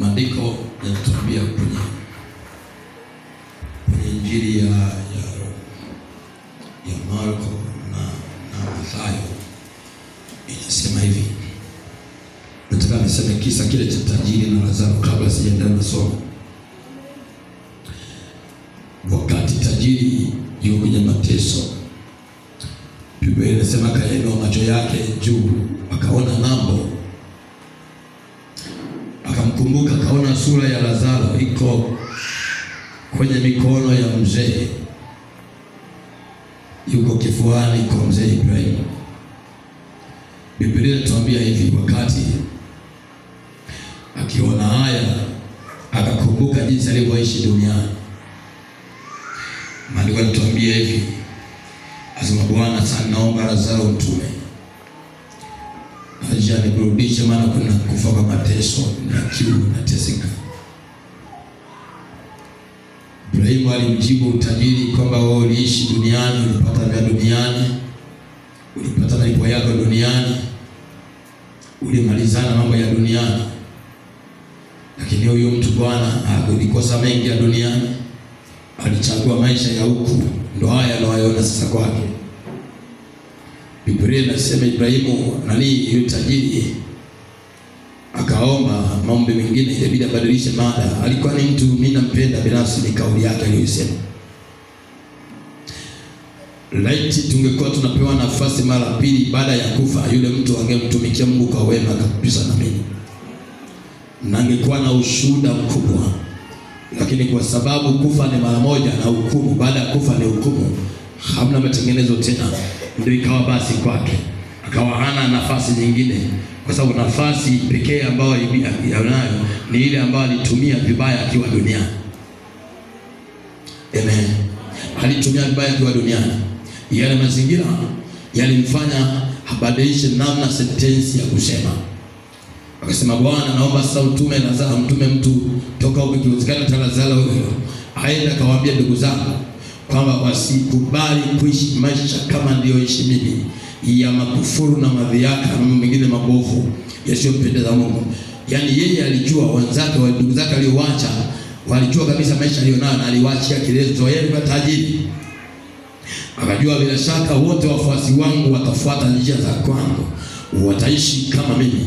maandiko yanatuambia kwenye jinsi alivyoishi duniani. Maandiko yanatuambia hivi, asema Bwana sana, naomba raha zao mtume aja nikurudishe, maana kuna kufa kwa mateso na kiu nateseka. Ibrahimu alimjibu utajiri kwamba wewe uliishi duniani, ulipata vya duniani, ulipata malipo yako duniani, ulimalizana mambo ya duniani ndio huyo mtu Bwana alikosa mengi ya duniani, alichagua maisha ya huku, ndo haya anayoona sasa kwake. Biblia inasema Ibrahimu nani yule tajiri akaomba maombi mengine, ilibidi abadilishe mada. Alikuwa ni mtu mimi nampenda binafsi, ni kauli yake aliyosema. Laiti tungekuwa tunapewa nafasi mara pili baada ya kufa, yule mtu angemtumikia Mungu kwa wema kabisa. Na mimi na ningekuwa na ushuhuda mkubwa, lakini kwa sababu kufa ni mara moja na hukumu, baada ya kufa ni hukumu, hamna matengenezo tena. Ndio ikawa basi kwake, akawa hana nafasi nyingine, kwa sababu nafasi pekee ambayo anayo ni ile ambayo alitumia vibaya akiwa duniani. Amen, alitumia vibaya akiwa duniani. Yale mazingira yalimfanya abadilishe namna sentensi ya kusema Akasema, Bwana, naomba sasa utume Lazaro, mtume mtu toka huko, kiwezekana hata Lazaro huyo aende akawaambia ndugu zangu kwamba wasikubali kuishi maisha kama niliyoishi mimi ya makufuru na madhiaka na mengine mabovu yasiyompendeza Mungu. Yaani yeye alijua wenzake wa ndugu zake aliowacha walijua kabisa maisha aliyonayo na aliwaachia kilezo yeye kwa tajiri. Akajua bila shaka wote wafuasi wangu watafuata njia za kwangu, wataishi kama mimi.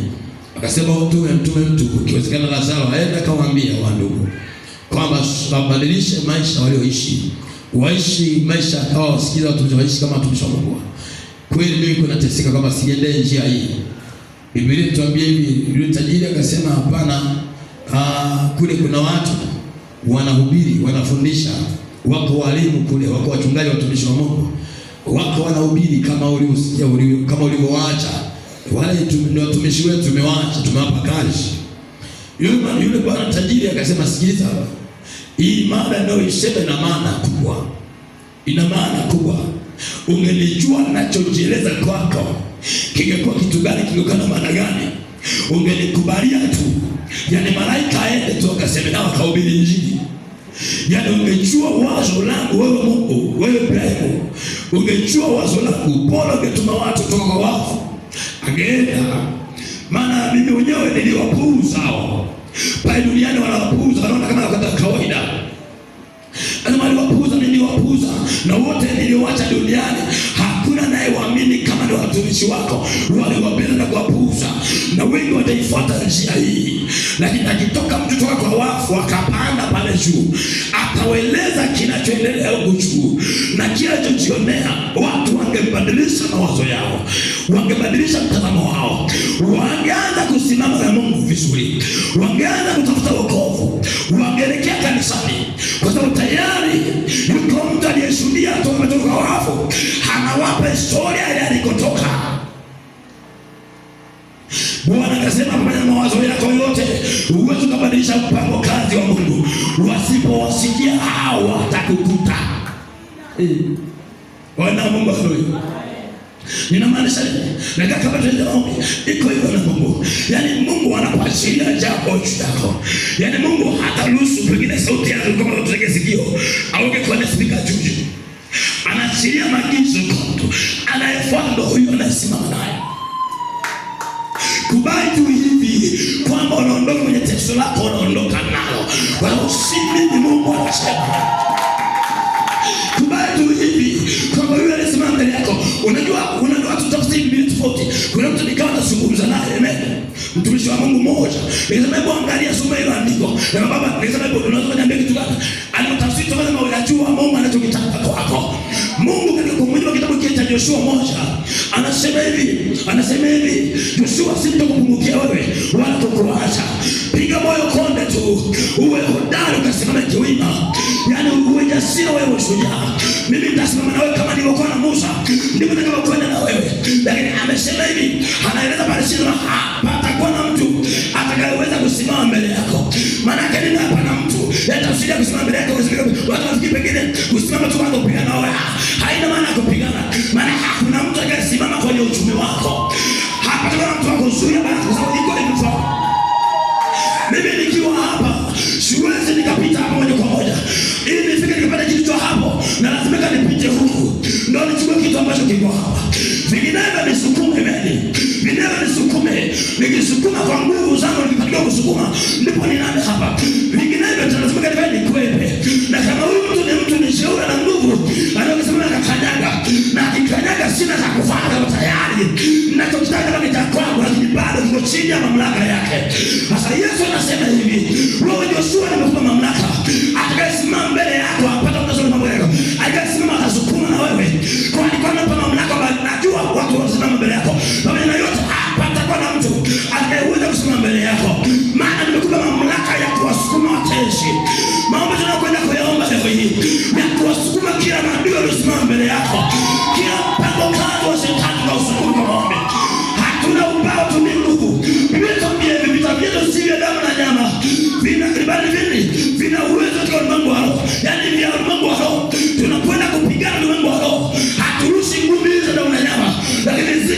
Akasema oh, mtume mtume mtu, ikiwezekana Lazaro aenda kawaambia wa ndugu kwamba wabadilishe maisha walioishi, waishi maisha kawa wasikiza watu, waishi kama watumishi wa Mungu. Kweli mimi niko nateseka kama sijaendea njia hii. Biblia tuambie hivi, yule tajiri akasema hapana, ah, kule kuna watu wanahubiri, wanafundisha, wako walimu kule, wako wachungaji, watumishi wa Mungu, wako wanahubiri kama ulivyoacha wale ni watumishi wetu, tumewaacha tumewapa kazi. Yule yule bwana tajiri akasema, sikiliza hapa, hii mada ndio ninayoisema ina maana kubwa, ina maana kubwa. Ungelijua ninachojieleza kwako kingekuwa kitu gani, kingekuwa na maana gani? ungelikubalia tu, yani malaika aende tu akaseme nao akahubiri Injili. Yani ungejua wazo langu wewe Mungu, wewe Ibrahimu, ungejua wazo langu, bora ungetuma watu toka kwa wafu angeenda, maana mimi mwenyewe niliwapuuza hao pale duniani, wanawapuuza wanaona kama wakata kawaida, lazima aliwapuuza, niliwapuuza na wote niliowacha duniani, hakuna naye waamini wale watumishi wako waliwapenda na kuwapuuza, na wengi wataifuata njia hii. Lakini akitoka mtu toka kwa wafu akapanda pale juu, akaweleza kinachoendelea huku juu na kila kinachojionea, watu wangebadilisha mawazo yao, wangebadilisha mtazamo wao, wangeanza kusimama na Mungu vizuri, wangeanza kutafuta wokovu, wangeelekea kanisani, kwa sababu tayari yuko mtu aliyeshuhudia toka kwa wafu, anawapa historia ile kutoka. Bwana akasema fanya mawazo yako yote, huwezi ukabadilisha mpango kazi wa Mungu. Wasipowasikia hawa watakukuta. Eh. Wana Mungu huyu. Ninamaanisha nini? nataka kama tuende maombi iko hivyo na Mungu. Yaani Mungu anakuachilia jambo chako. Yaani Mungu hataruhusu pengine sauti yako kama utege sikio au ungekuwa na spika juu. Anaachilia maagizo anayefaa ndo huyo anayesimama naye. Kubali tu hivi kwamba unaondoka kwenye teso lako, unaondoka nalo, wala usimi ni Mungu anasema. Kubali tu hivi kwamba yule aliyesimama mbele yako, unajua unajua watu tafsiri mbili tofauti. Kuna mtu nikawa nazungumza naye amen, mtumishi wa Mungu mmoja, nikasema hebu angalia, soma hilo andiko na baba, nikasema hebu unaweza kuniambia kitu gani? Alimtafsiri kama unajua Mungu anachokitaka Joshua moja anasema hivi, anasema hivi, Yoshua sitakupungukia wewe wala kukuacha. Piga moyo konde tu, uwe hodari ukasimame kiwima, yaani uwe jasiri, wewe shujaa. Mimi nitasimama wewe kama nilivyokuwa na Musa, ndivyo nitakavyokwenda na wewe. Lakini amesema hivi, anaeleza pale Sinai hapa hakuna mtu atakayeweza kusimama mbele yako. Maanake nini? Hapana mtu yatafsiria kusimama mbele yako. Watu wafikiri pengine kusimama tu kwako kupigana wewe, haina maana kupigana, maana hakuna mtu atakayesimama kwenye uchumi wako. Hapana mtu akuzuia, basi kwa sababu iko ni hivyo. Mimi nikiwa hapa siwezi nikapita hapa moja kwa moja, ili nifike nikapata kitu cha hapo, na lazima nipite huku ndio nichukue kitu ambacho kiko hapa, vinginevyo nisukume meli eneo nisukume, nikisukuma kwa nguvu zangu, nikipatiwa kusukuma ndipo ninaame hapa, vinginevyo talazimika nivae nikwepe. Na kama huyu mtu ni mtu nisheura na nguvu, anaokisemana kakanyaga na kikanyaga sina za kufanya tayari, nachokitaka kama nitakwangu, lakini bado kiko chini ya mamlaka yake. Sasa Yesu anasema hivi, wewe Joshua, nimekupa mamlaka, atakayesimama mbele yako hapa watu atakayeweza kusimama mbele yako, maana nimekupa mamlaka ya kuwasukuma wateshi. Maombi tunakwenda kuyaomba leo hii ya kuwasukuma kila maadui waliosimama mbele yako, kila mpango kazi wa shetani na usukuma maombi. Hatuna ubao, tuni nguvu. Biblia tuambia hivi, vita vyetu si vya damu na nyama, vina ibadi vini, vina uwezo katika ulimwengu wa roho, yaani vya ulimwengu wa roho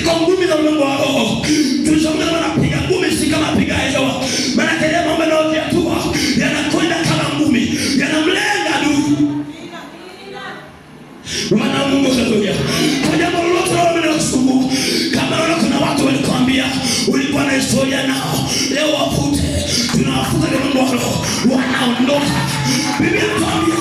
kwa ngumi za ulimwengu wa roho. Tulichoongea wanapiga ngumi si kama piga hewa, maana yake mambo yanayoyatua yanakwenda kama ngumi, yanamlenga adui. Bwana Mungu, haleluya! Kwa jambo lolote linalokusumbua, kama leo kuna watu walikwambia ulikuwa na historia nao, leo wafute, tunawafuta kwa Mungu wa roho, wanaondoka. Biblia inatuambia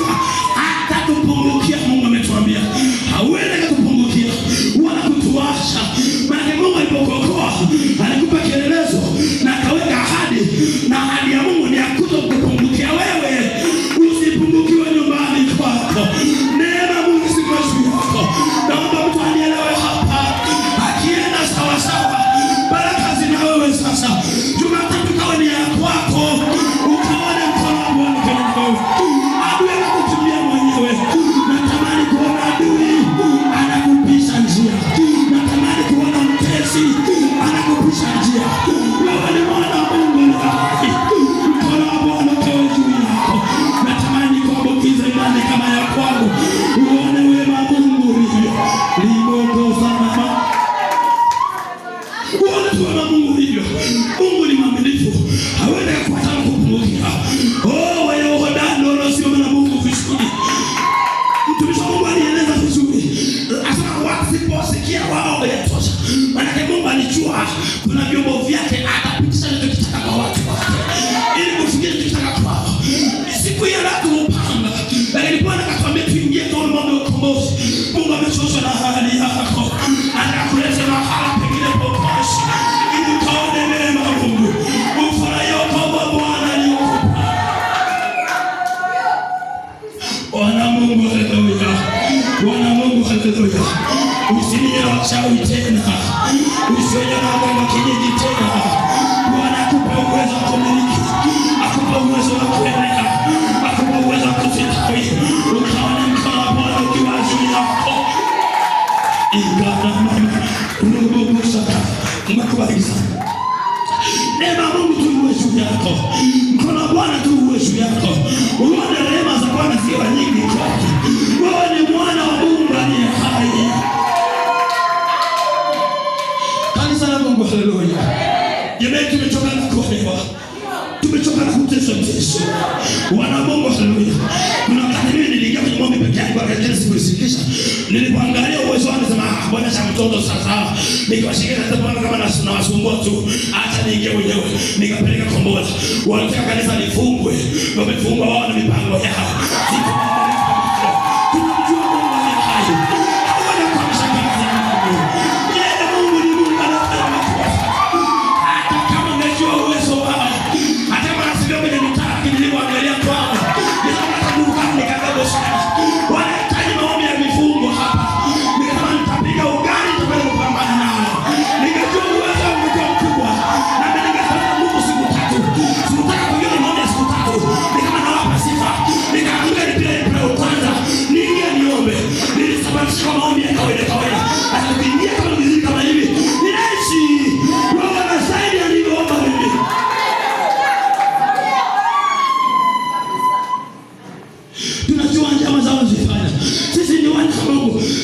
mtoto sasa. Nikawashika hata pale kama na nawasumbua tu, acha niingie mwenyewe, nikapeleka kombozi. Wanataka kanisa lifungwe, wamefungwa wao na mipango yao.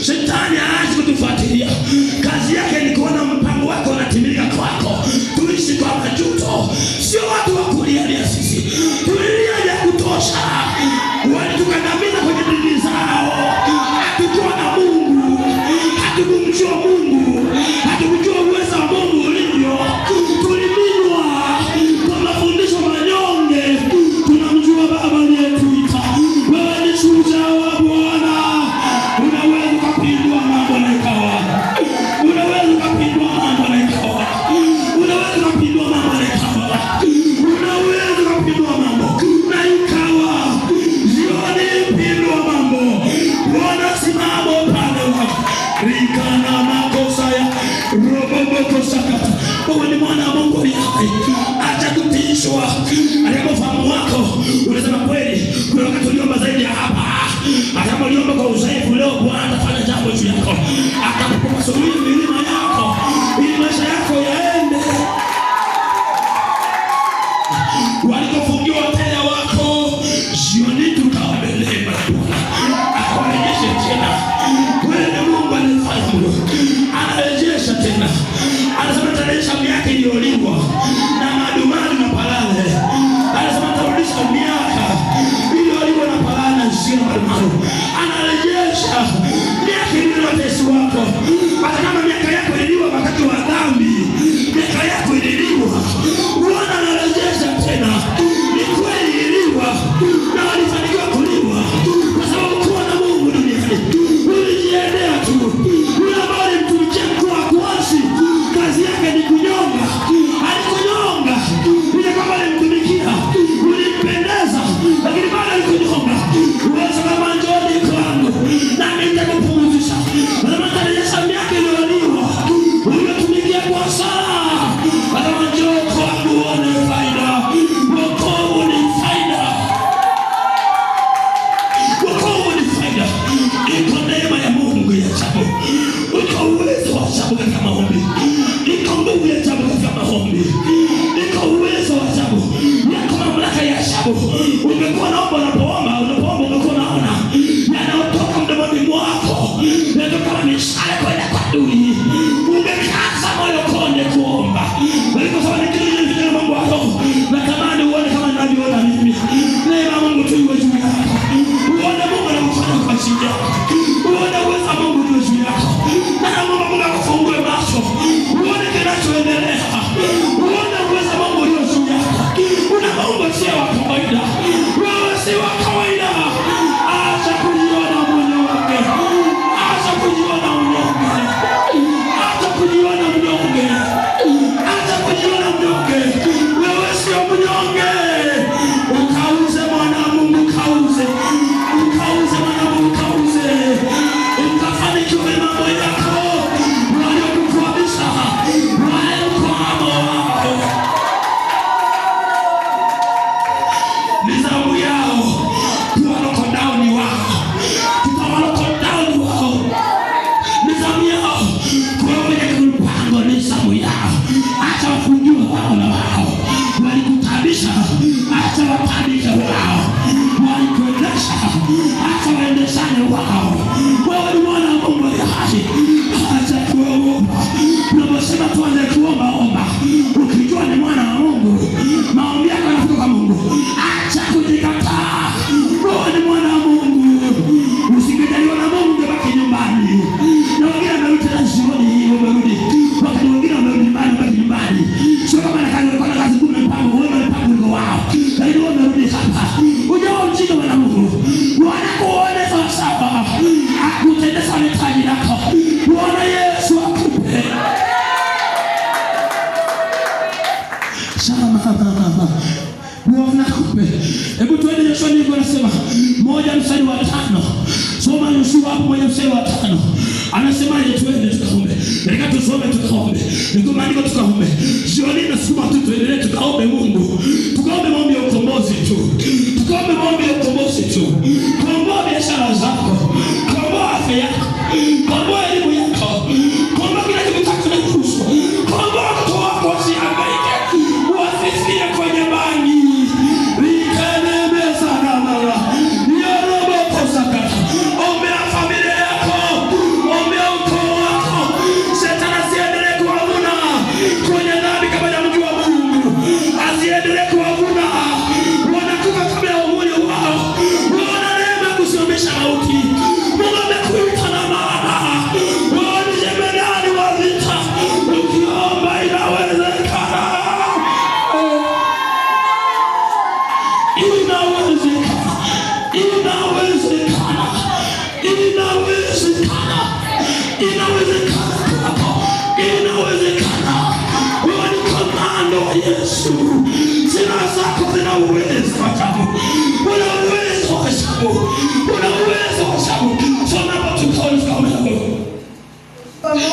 Shetani haachi kutufuatilia, kazi yake ni kuona mpango wako unatimilika kwako. Tuishi kwa majuto, sio watu wa kulialia sisi. Tulilia ya kutosha, walitukana akamwomba kwa uzoefu, leo Bwana atafanya jambo juu yako, akakupa masuluhisho mstari wa tano anasemaje? Tuende tukaombe, nataka tusome tukaombe, niko maandiko tukaombe. Jioni nasukuma tu tuendelee tukaombe Mungu, tukaombe maombi Inawezekana, Mungu.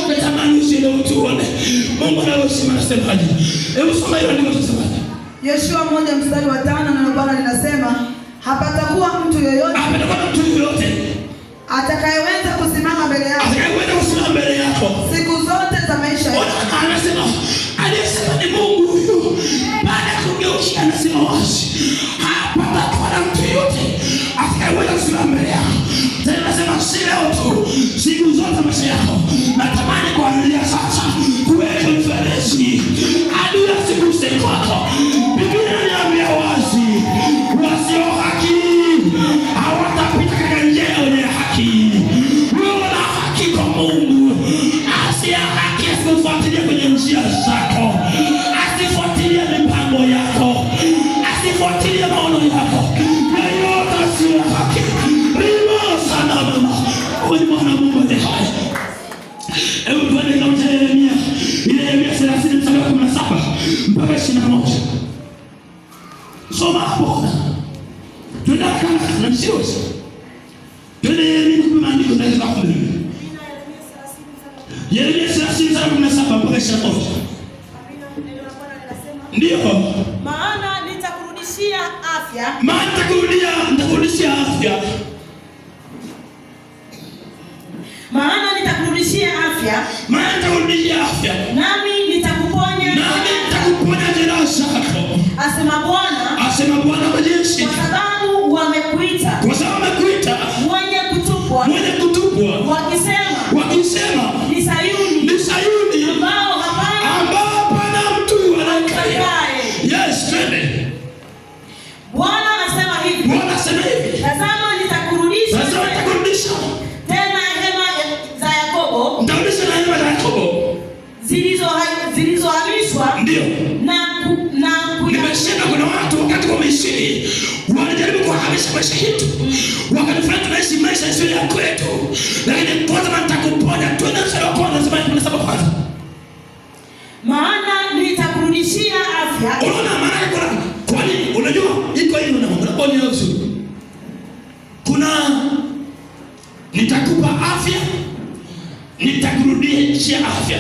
Natamani usiende Hebu soma hiyo ndiko Yoshua moja mstari wa tano neno Bwana linasema hapatakuwa mtu yoyote hapatakuwa mtu atakayeweza kusimama mbele yako atakayeweza kusimama mbele yako siku zote za maisha yako. Anasema anasema ni Mungu baada ya anasema wazi hapatakuwa mtu atakayeweza kusimama mbele yako. Tena anasema si leo tu, siku zote za maisha yako. Natamani sasa adui 我靠！afya, maana nitakulindia afya, nami nitakuponya, nami nitakuponya jeraha zako, asema Bwana, asema Bwana majeshi, kwa sababu wamekuita kwa sababu tunaishi maisha yetu, wakanifanya tunaishi maisha isiyo ya kwetu, lakini kwanza nitakuponya. Twende mstari wa kwanza, sema kumi na saba kwanza, maana nitakurudishia afya. Unaona maana yake kuna kwani, unajua iko hivi, unaona unaona uzuri, kuna nitakupa afya, nitakurudishia afya.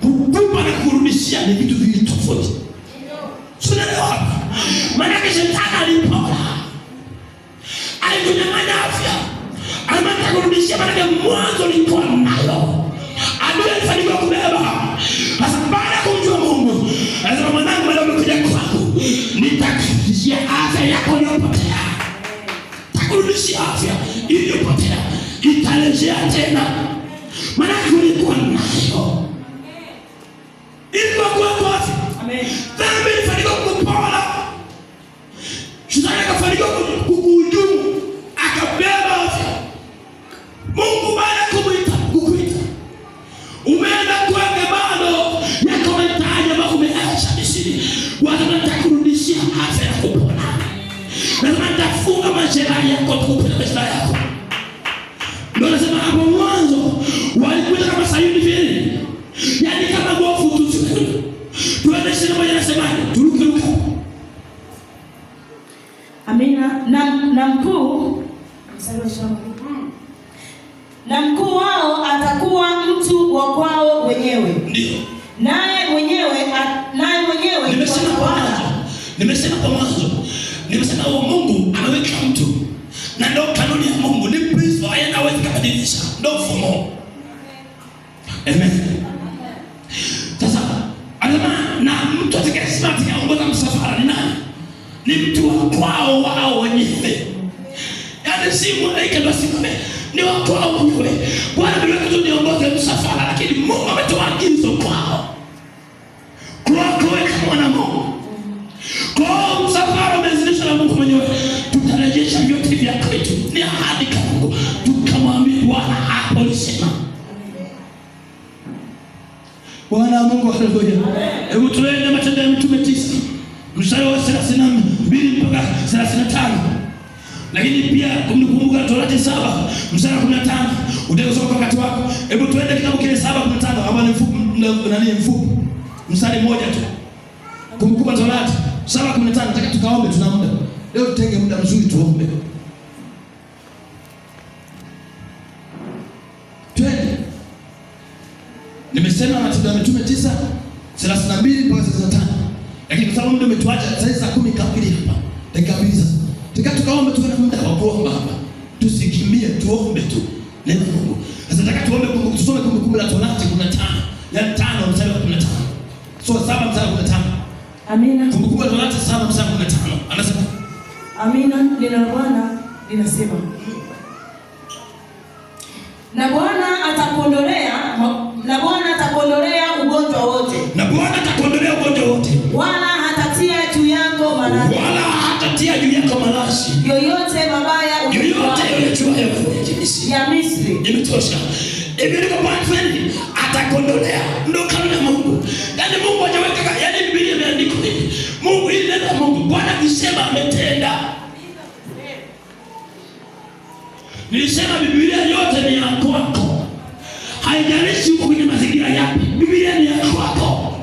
Kukupa na kurudishia ni vitu viwili tofauti. usingizi. Lazima nitakurudishia afya ya kupona. Lazima nitafunga majeraha yako, nikupe pesa yako malaika ndio asimame ni watu wao wenyewe. Bwana ndio mtu niongoze msafara, lakini Mungu ametoa agizo kwao kwa kwa kuwaweka mwana Mungu kwa Msafara umeanzishwa na Mungu mwenyewe, tutarejesha vyote vya kwetu, ni ahadi ya Mungu. Tukamwambia Bwana hapo alisema Bwana Mungu, haleluya. Hebu tuende Matendo ya Mitume 9 mstari wa thelathini mpaka 35. lakini pia Fungu la Torati saba mstari wa kumi na tano utakasoka wakati wako. Hebu tuende kitabu kile saba kumi na tano ama ni mfupi nani mfupi, mstari mmoja tu, Kumbukumbu Torati saba kumi na tano Nataka tukaombe, tuna muda leo, tutenge muda mzuri tuombe. Twende, nimesema Matendo ya Mitume tisa thelathini na mbili mpaka thelathini na tano lakini kwa sababu ndio umetuacha saa kumi kamili hapa, dakika mbili sasa, tukaombe, tuwe na muda wa kuomba hapa tutulie, tuombe tu neno la Mungu. Sasa nataka tuombe Mungu, tusome Kumbukumbu la Torati 15 ya 5 mstari wa 15, so 7 mstari wa 15. Amina. Kumbukumbu la Torati 7 mstari wa 15 anasema Amina, neno la Bwana linasema na Bwana atakuondolea na Bwana atakuondolea ugonjwa wote, na Bwana atakuondolea ugonjwa wote, wala hatatia juu yako maradhi, wala hatatia juu yako maradhi yoyote imetosha. Hivi ndivyo Bwana atakondolea. Ndio kanuni ya Mungu. Yaani Mungu hajaweka, yaani Biblia imeandikwa hivi. Mungu ili neno la Mungu Bwana akisema ametenda. Nilisema Biblia yote ni ya kwako. Haijalishi uko kwenye mazingira yapi. Biblia ni ya kwako.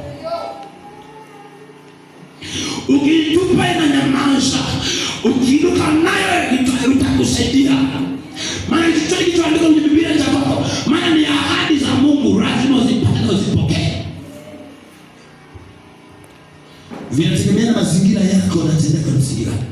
Ukiitupa ina nyamaza. Ukiinuka nayo itakusaidia maana chochote kilichoandikwa kwenye Biblia cha kwako, maana ni ahadi za Mungu, lazima uzipate, uzipokee. Vinategemea na mazingira yako, unatendea kwa msingi gani?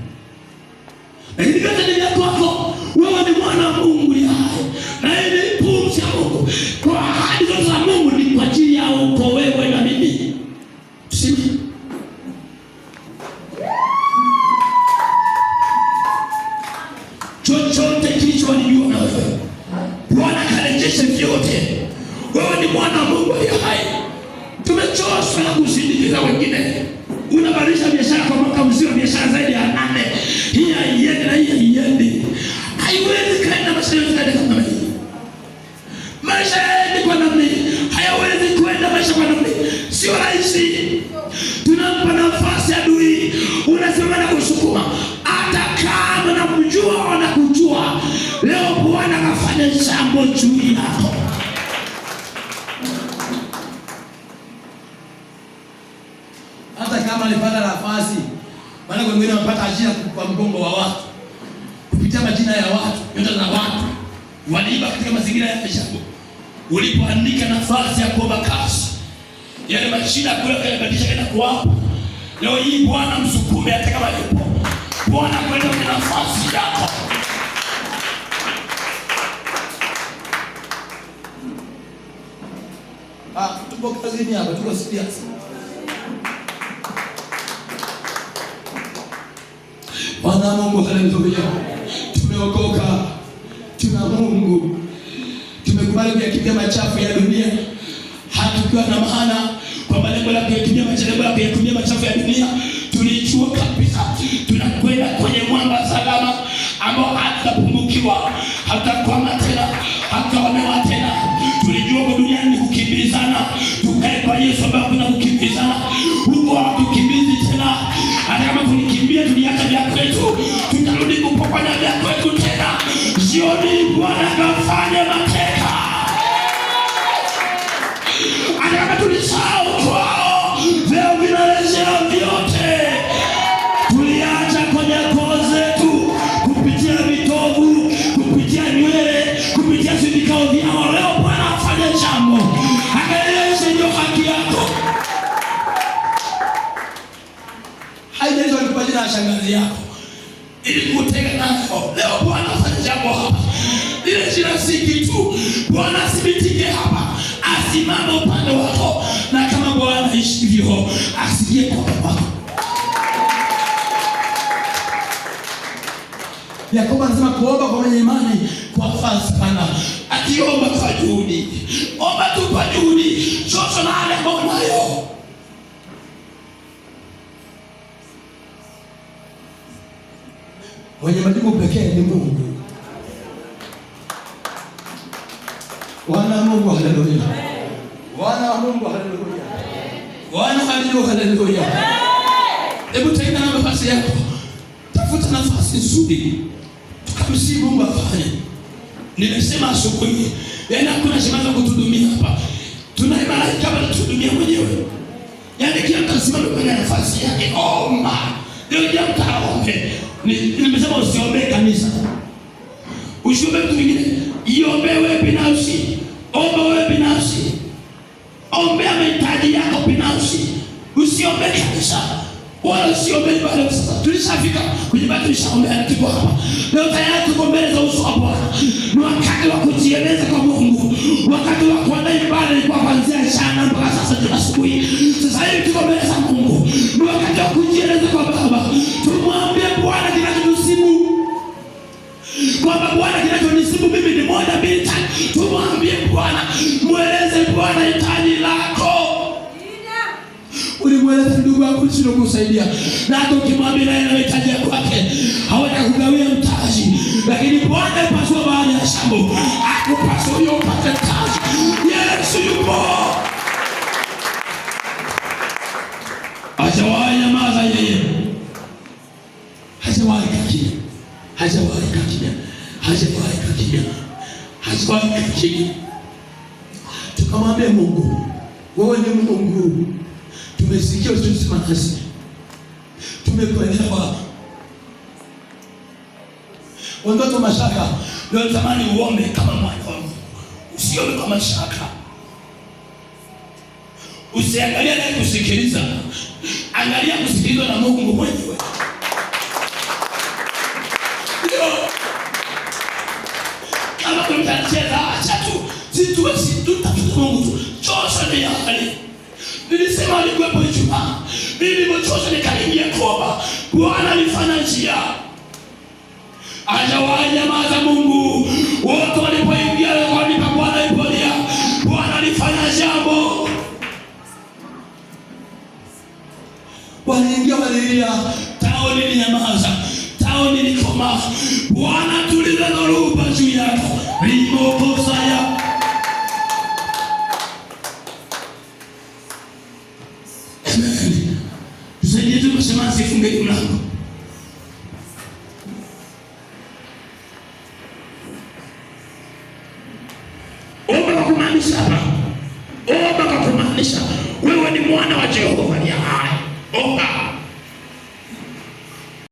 Bwana Mungu, haleluya. Tumeokoka, tuna Mungu, tumekubali kuyakemea machafu ya dunia, hatukiwa na maana ajili yako ili kutenga nako. Leo Bwana afanye jambo hapa, ile jina si kitu. Bwana asibitike hapa, asimame upande wako, na kama Bwana ishi hivyo, asikie kwa baba Yakobo anasema kuomba kwa mwenye imani kwa faa akiomba kwa juhudi. Omba yuko pekee ni Mungu. Wana Mungu, haleluya! Wana Mungu, haleluya! Wana haleluya, haleluya! Hebu taina nafasi yako, tafuta nafasi nzuri, tukamsi Mungu afanye. Nimesema asubuhi, yaani hakuna shimaza kutudumia hapa, tuna malaika hapa tutudumia mwenyewe, yaani kila mtu asimame kwenye nafasi yake. Omba, ndio jambo taombe Nimesema usiombee kanisa, usiombee mtu mwingine, iombee wewe binafsi. Omba wewe binafsi, ombea mahitaji yako binafsi, usiombee kanisa wala sio mbele baada ya tulishafika kujibaki, tulishaombea na tuko hapa leo tayari, tuko mbele za uso wa Bwana. Ni wakati wa kujieleza kwa Mungu, wakati wa kuandaa ibada ilikuwa kuanzia jana mpaka sasa asubuhi. Sasa hivi tuko mbele za Mungu, ni wakati wa kujieleza kwa Baba. Tumwambie Bwana kinachotusibu, kwamba Bwana kinachonisibu mimi ni moja, mbili, tatu. Tumwambie Bwana, mweleze Bwana hitaji lako ulimweleza ndugu yako sio kusaidia, na hata ukimwambia naye anahitaji kwake hawana kugawia mtaji, lakini Bwana pasua baada ya shambo akupasua hiyo upate mtaji. Yesu yupo, hajawahi nyamaza yeye, hajawahi kakimya, hajawahi kakimya, hajawahi kakimya, hajawahi kakimya. Tukamwambia Mungu, wewe ni Mungu tumesikia uzuri mzima nasi tumekuelewa. Ondoto wa mashaka, ndio natamani uombe kama mwana wa Mungu, usiombe kwa mashaka, usiangalia naye kusikiliza, angalia kusikilizwa na Mungu mwenyewe. Ndio kama mtu anacheza, acha tu situwesi Yakobo alikuwepo Ijumaa, mimi mochoza nikaingia toba. Bwana alifanya njia, hajawahi jamaa za Mungu wote walipoingia lakini kwa Bwana ipolia, Bwana alifanya jambo, waliingia walilia, tao lilinyamaza, tao lilikomaa. Bwana tuliza dhoruba juu yako limokosa